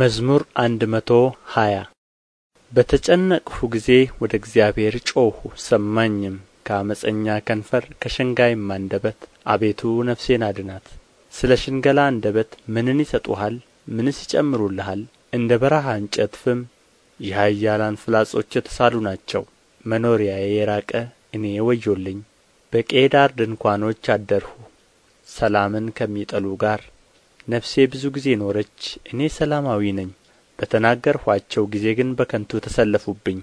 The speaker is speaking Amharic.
መዝሙር መቶ ሃያ በተጨነቅሁ ጊዜ ወደ እግዚአብሔር ጮኽሁ ሰማኝም። ከአመፀኛ ከንፈር ከሸንጋይም አንደበት አቤቱ ነፍሴን አድናት። ስለ ሽንገላ አንደበት ምንን ይሰጡሃል? ምንስ ይጨምሩልሃል? እንደ በረሃ እንጨት ፍም የኃያላን ፍላጾች የተሳሉ ናቸው። መኖሪያዬ የራቀ እኔ ወዮልኝ። በቄዳር ድንኳኖች አደርሁ፣ ሰላምን ከሚጠሉ ጋር ነፍሴ ብዙ ጊዜ ኖረች እኔ ሰላማዊ ነኝ በተናገርኋቸው ጊዜ ግን በከንቱ ተሰለፉብኝ